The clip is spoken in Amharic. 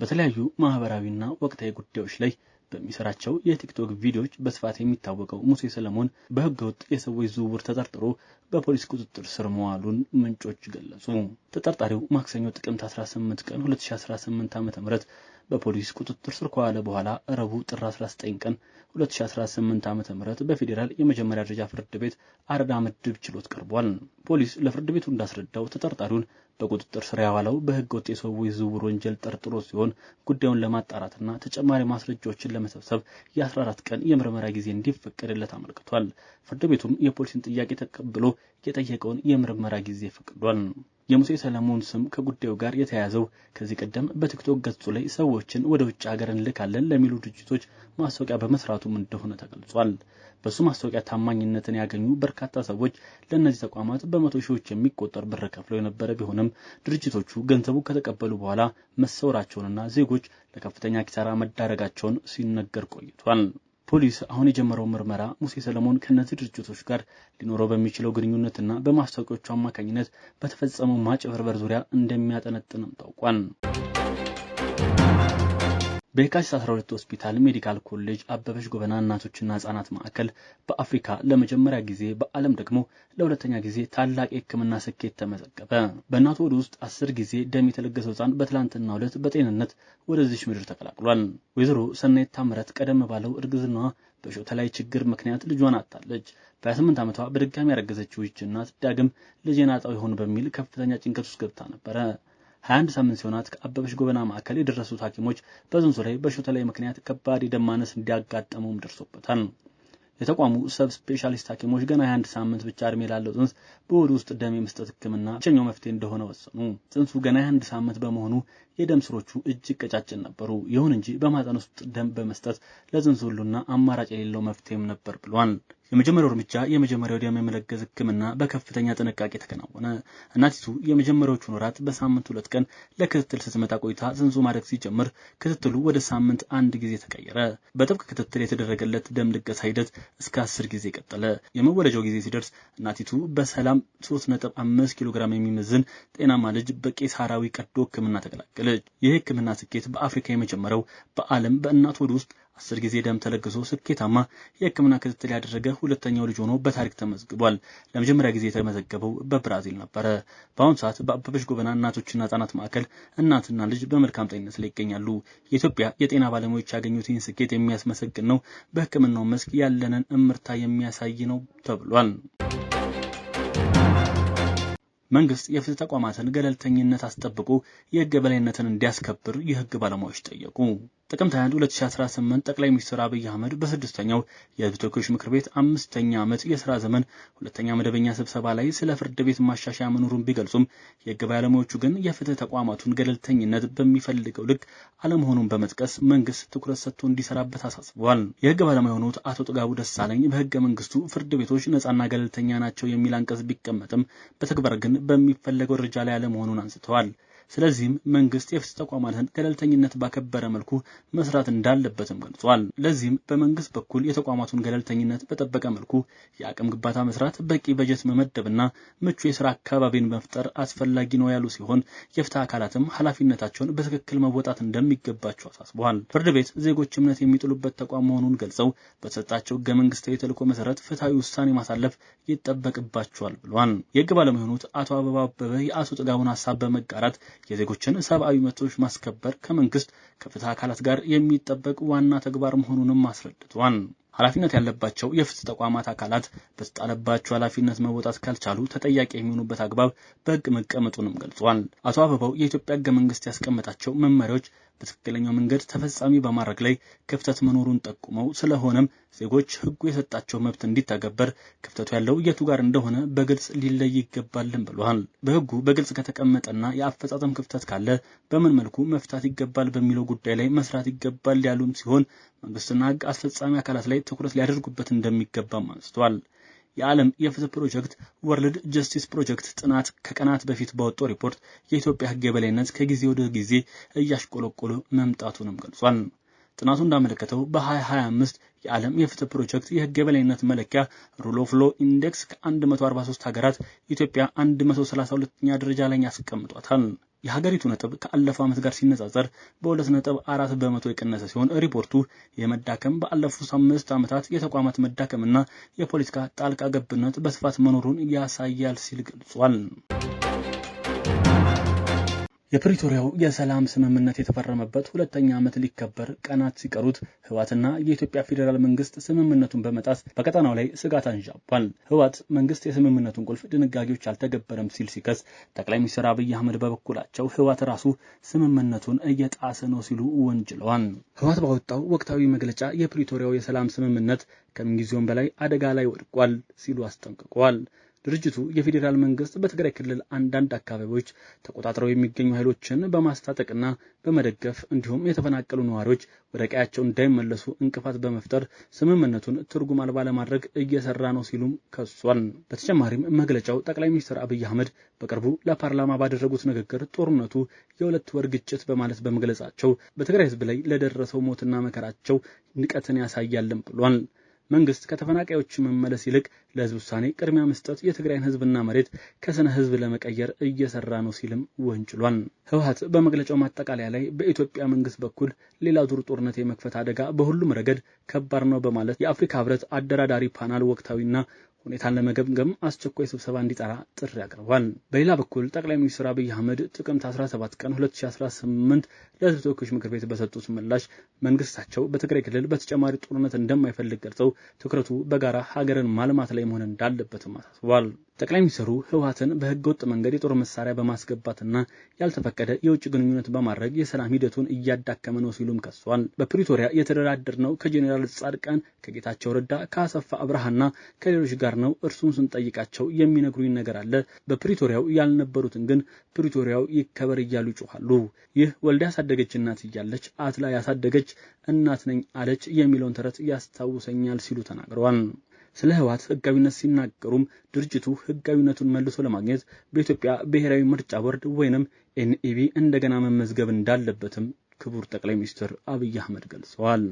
በተለያዩ ማህበራዊና ወቅታዊ ጉዳዮች ላይ በሚሰራቸው የቲክቶክ ቪዲዮዎች በስፋት የሚታወቀው ሙሴ ሰለሞን በህገወጥ የሰዎች ዝውውር ተጠርጥሮ በፖሊስ ቁጥጥር ስር መዋሉን ምንጮች ገለጹ። ተጠርጣሪው ማክሰኞ ጥቅምት 18 ቀን 2018 ዓ.ም በፖሊስ ቁጥጥር ስር ከዋለ በኋላ ረቡ ጥር 19 ቀን 2018 ዓ ም በፌዴራል የመጀመሪያ ደረጃ ፍርድ ቤት አረዳ ምድብ ችሎት ቀርቧል። ፖሊስ ለፍርድ ቤቱ እንዳስረዳው ተጠርጣሪውን በቁጥጥር ስር ያዋለው በህገ ወጥ የሰዎች ዝውውር ወንጀል ጠርጥሮ ሲሆን ጉዳዩን ለማጣራትና ተጨማሪ ማስረጃዎችን ለመሰብሰብ የ14 ቀን የምርመራ ጊዜ እንዲፈቀድለት አመልክቷል። ፍርድ ቤቱም የፖሊስን ጥያቄ ተቀብሎ የጠየቀውን የምርመራ ጊዜ ፈቅዷል። የሙሴ ሰለሞን ስም ከጉዳዩ ጋር የተያያዘው ከዚህ ቀደም በቲክቶክ ገጹ ላይ ሰዎችን ወደ ውጭ ሀገር እንልካለን ለሚሉ ድርጅቶች ማስታወቂያ በመስራቱም እንደሆነ ተገልጿል። በሱ ማስታወቂያ ታማኝነትን ያገኙ በርካታ ሰዎች ለእነዚህ ተቋማት በመቶ ሺዎች የሚቆጠር ብር ከፍለው የነበረ ቢሆንም ድርጅቶቹ ገንዘቡ ከተቀበሉ በኋላ መሰወራቸውንና ዜጎች ለከፍተኛ ኪሳራ መዳረጋቸውን ሲነገር ቆይቷል። ፖሊስ አሁን የጀመረው ምርመራ ሙሴ ሰለሞን ከእነዚህ ድርጅቶች ጋር ሊኖረው በሚችለው ግንኙነትና በማስታወቂያዎቹ አማካኝነት በተፈጸመው ማጭበርበር ዙሪያ እንደሚያጠነጥንም ታውቋል። በየካቲት 12 ሆስፒታል ሜዲካል ኮሌጅ አበበች ጎበና እናቶችና ህጻናት ማዕከል በአፍሪካ ለመጀመሪያ ጊዜ በዓለም ደግሞ ለሁለተኛ ጊዜ ታላቅ የህክምና ስኬት ተመዘገበ። በእናቱ ወደ ውስጥ አስር ጊዜ ደም የተለገሰው ህጻን በትላንትና ዕለት በጤንነት ወደዚች ምድር ተቀላቅሏል። ወይዘሮ ሰናይት ታምረት ቀደም ባለው እርግዝናዋ በሾተ ላይ ችግር ምክንያት ልጇን አጣለች። በ28 ዓመቷ በድጋሚ ያረገዘችው ይህች እናት ዳግም ልጄን አጣው ይሆን በሚል ከፍተኛ ጭንቀት ውስጥ ገብታ ነበረ። 21 ሳምንት ሲሆናት ከአበበች ጎበና ማዕከል የደረሱት ሐኪሞች በጽንሱ ላይ በሾተላይ ምክንያት ከባድ የደም ማነስ እንዲያጋጠመውም ደርሶበታል። የተቋሙ ሰብ ስፔሻሊስት ሐኪሞች ገና 21 ሳምንት ብቻ እድሜ ላለው ጽንስ በወዱ ውስጥ ደም የመስጠት ሕክምና ብቸኛው መፍትሄ እንደሆነ ወሰኑ። ጽንሱ ገና 21 ሳምንት በመሆኑ የደም ስሮቹ እጅግ ቀጫጭን ነበሩ። ይሁን እንጂ በማህፀን ውስጥ ደም በመስጠት ለፅንሱ ሁሉና አማራጭ የሌለው መፍትሄም ነበር ብሏል። የመጀመሪያው እርምጃ የመጀመሪያው ደም የመለገዝ ሕክምና በከፍተኛ ጥንቃቄ ተከናወነ። እናቲቱ የመጀመሪያዎቹን ወራት በሳምንት ሁለት ቀን ለክትትል ስትመጣ ቆይታ ፅንሱ ማደግ ሲጀምር ክትትሉ ወደ ሳምንት አንድ ጊዜ ተቀየረ። በጥብቅ ክትትል የተደረገለት ደም ልገሳ ሂደት እስከ አስር ጊዜ ቀጠለ። የመወለጃው ጊዜ ሲደርስ እናቲቱ በሰላም 3.5 ኪሎ ግራም የሚመዝን ጤናማ ልጅ በቄሳራዊ ቀዶ ሕክምና ተገላገለች። የህክምና ስኬት በአፍሪካ የመጀመሪያው በዓለም በእናት ወድ ውስጥ አስር ጊዜ ደም ተለግሶ ስኬታማ የህክምና ክትትል ያደረገ ሁለተኛው ልጅ ሆኖ በታሪክ ተመዝግቧል። ለመጀመሪያ ጊዜ የተመዘገበው በብራዚል ነበረ። በአሁኑ ሰዓት በአበበች ጎበና እናቶችና ህጻናት ማዕከል እናትና ልጅ በመልካም ጤንነት ላይ ይገኛሉ። የኢትዮጵያ የጤና ባለሙያዎች ይህን ስኬት የሚያስመሰግን ነው፣ በህክምናው መስክ ያለንን እምርታ የሚያሳይ ነው ተብሏል። መንግስት የፍትህ ተቋማትን ገለልተኝነት አስጠብቆ የህግ የበላይነትን እንዲያስከብር የህግ ባለሙያዎች ጠየቁ። ጥቅምት 21 2018 ጠቅላይ ሚኒስትር አብይ አህመድ በስድስተኛው የህዝብ ተወካዮች ምክር ቤት አምስተኛ ዓመት የስራ ዘመን ሁለተኛ መደበኛ ስብሰባ ላይ ስለ ፍርድ ቤት ማሻሻያ መኖሩን ቢገልጹም የህግ ባለሙያዎቹ ግን የፍትህ ተቋማቱን ገለልተኝነት በሚፈልገው ልክ አለመሆኑን በመጥቀስ መንግስት ትኩረት ሰጥቶ እንዲሰራበት አሳስበዋል። የህግ ባለሙያ የሆኑት አቶ ጥጋቡ ደሳለኝ በህገ መንግስቱ ፍርድ ቤቶች ነጻና ገለልተኛ ናቸው የሚል አንቀጽ ቢቀመጥም በተግባር ግን በሚፈለገው ደረጃ ላይ አለመሆኑን አንስተዋል። ስለዚህም መንግስት የፍትህ ተቋማትን ገለልተኝነት ባከበረ መልኩ መስራት እንዳለበትም ገልጿል። ለዚህም በመንግስት በኩል የተቋማቱን ገለልተኝነት በጠበቀ መልኩ የአቅም ግንባታ መስራት፣ በቂ በጀት መመደብና ምቹ የስራ አካባቢን መፍጠር አስፈላጊ ነው ያሉ ሲሆን የፍትህ አካላትም ኃላፊነታቸውን በትክክል መወጣት እንደሚገባቸው አሳስበዋል። ፍርድ ቤት ዜጎች እምነት የሚጥሉበት ተቋም መሆኑን ገልጸው በተሰጣቸው ህገ መንግስታዊ ተልዕኮ መሰረት ፍትሐዊ ውሳኔ ማሳለፍ ይጠበቅባቸዋል ብሏል። የህግ ባለሙያ የሆኑት አቶ አበባ አበበ የአቶ ጥጋቡን ሀሳብ በመጋራት የዜጎችን ሰብአዊ መብቶች ማስከበር ከመንግስት ከፍትህ አካላት ጋር የሚጠበቅ ዋና ተግባር መሆኑንም አስረድቷል። ኃላፊነት ያለባቸው የፍትህ ተቋማት አካላት በተጣለባቸው ኃላፊነት መወጣት ካልቻሉ ተጠያቂ የሚሆኑበት አግባብ በህግ መቀመጡንም ገልጿል። አቶ አበባው የኢትዮጵያ ህገ መንግስት ያስቀመጣቸው መመሪያዎች በትክክለኛው መንገድ ተፈጻሚ በማድረግ ላይ ክፍተት መኖሩን ጠቁመው ስለሆነም ዜጎች ሕጉ የሰጣቸው መብት እንዲተገበር ክፍተቱ ያለው የቱ ጋር እንደሆነ በግልጽ ሊለይ ይገባልን ብለዋል። በሕጉ በግልጽ ከተቀመጠና የአፈጻጸም ክፍተት ካለ በምን መልኩ መፍታት ይገባል በሚለው ጉዳይ ላይ መስራት ይገባል ያሉም ሲሆን መንግስትና ሕግ አስፈጻሚ አካላት ላይ ትኩረት ሊያደርጉበት እንደሚገባም አንስተዋል። የዓለም የፍትህ ፕሮጀክት ወርልድ ጀስቲስ ፕሮጀክት ጥናት ከቀናት በፊት በወጣው ሪፖርት የኢትዮጵያ ህግ የበላይነት ከጊዜ ወደ ጊዜ እያሽቆለቆሉ መምጣቱንም ገልጿል። ጥናቱ እንዳመለከተው በ2025 የዓለም የፍትህ ፕሮጀክት የህግ የበላይነት መለኪያ ሩል ኦፍ ሎ ኢንዴክስ ከ143 ሀገራት ኢትዮጵያ 132ኛ ደረጃ ላይ ያስቀምጧታል። የሀገሪቱ ነጥብ ከአለፈው ዓመት ጋር ሲነጻጸር በሁለት ነጥብ አራት በመቶ የቀነሰ ሲሆን ሪፖርቱ የመዳከም ባለፉት አምስት ዓመታት የተቋማት መዳከምና የፖለቲካ ጣልቃ ገብነት በስፋት መኖሩን ያሳያል ሲል ገልጿል። የፕሪቶሪያው የሰላም ስምምነት የተፈረመበት ሁለተኛ ዓመት ሊከበር ቀናት ሲቀሩት ህዋትና የኢትዮጵያ ፌዴራል መንግስት ስምምነቱን በመጣስ በቀጠናው ላይ ስጋት አንዣቧል። ህዋት መንግስት የስምምነቱን ቁልፍ ድንጋጌዎች አልተገበረም ሲል ሲከስ፣ ጠቅላይ ሚኒስትር አብይ አህመድ በበኩላቸው ህዋት ራሱ ስምምነቱን እየጣሰ ነው ሲሉ ወንጅለዋል። ህዋት ባወጣው ወቅታዊ መግለጫ የፕሪቶሪያው የሰላም ስምምነት ከምንጊዜውም በላይ አደጋ ላይ ወድቋል ሲሉ አስጠንቅቀዋል። ድርጅቱ የፌዴራል መንግስት በትግራይ ክልል አንዳንድ አካባቢዎች ተቆጣጥረው የሚገኙ ኃይሎችን በማስታጠቅና በመደገፍ እንዲሁም የተፈናቀሉ ነዋሪዎች ወደ ቀያቸው እንዳይመለሱ እንቅፋት በመፍጠር ስምምነቱን ትርጉም አልባ ለማድረግ እየሰራ ነው ሲሉም ከሷል። በተጨማሪም መግለጫው ጠቅላይ ሚኒስትር አብይ አህመድ በቅርቡ ለፓርላማ ባደረጉት ንግግር ጦርነቱ የሁለት ወር ግጭት በማለት በመግለጻቸው በትግራይ ህዝብ ላይ ለደረሰው ሞትና መከራቸው ንቀትን ያሳያልም ብሏል። መንግስት ከተፈናቃዮች መመለስ ይልቅ ለህዝብ ውሳኔ ቅድሚያ መስጠት የትግራይን ህዝብና መሬት ከስነ ህዝብ ለመቀየር እየሰራ ነው ሲልም ወንጭሏል። ህወሀት በመግለጫው ማጠቃለያ ላይ በኢትዮጵያ መንግስት በኩል ሌላ ዙር ጦርነት የመክፈት አደጋ በሁሉም ረገድ ከባድ ነው በማለት የአፍሪካ ህብረት አደራዳሪ ፓናል ወቅታዊና ሁኔታን ለመገምገም አስቸኳይ ስብሰባ እንዲጠራ ጥሪ አቅርቧል። በሌላ በኩል ጠቅላይ ሚኒስትር አብይ አህመድ ጥቅምት 17 ቀን 2018 ለህዝብ ተወካዮች ምክር ቤት በሰጡት ምላሽ መንግስታቸው በትግራይ ክልል በተጨማሪ ጦርነት እንደማይፈልግ ገልጸው ትኩረቱ በጋራ ሀገርን ማልማት ላይ መሆን እንዳለበትም አሳስቧል። ጠቅላይ ሚኒስትሩ ህወሀትን በህገወጥ መንገድ የጦር መሳሪያ በማስገባትና ያልተፈቀደ የውጭ ግንኙነት በማድረግ የሰላም ሂደቱን እያዳከመ ነው ሲሉም ከሷል። በፕሪቶሪያ የተደራደር ነው ከጄኔራል ጻድቃን፣ ከጌታቸው ረዳ፣ ከአሰፋ አብርሃና ከሌሎች ጋር ነው። እርሱን ስንጠይቃቸው የሚነግሩኝ ነገር አለ። በፕሪቶሪያው ያልነበሩትን ግን ፕሪቶሪያው ይከበር እያሉ ይጮኋሉ። ይህ ወልዳ ያሳደገች እናት እያለች አትላ ያሳደገች እናት ነኝ አለች የሚለውን ተረት ያስታውሰኛል ሲሉ ተናግረዋል። ስለ ህወሓት ህጋዊነት ሲናገሩም ድርጅቱ ህጋዊነቱን መልሶ ለማግኘት በኢትዮጵያ ብሔራዊ ምርጫ ቦርድ ወይንም ኤንኢቢ እንደገና መመዝገብ እንዳለበትም ክቡር ጠቅላይ ሚኒስትር አብይ አህመድ ገልጸዋል።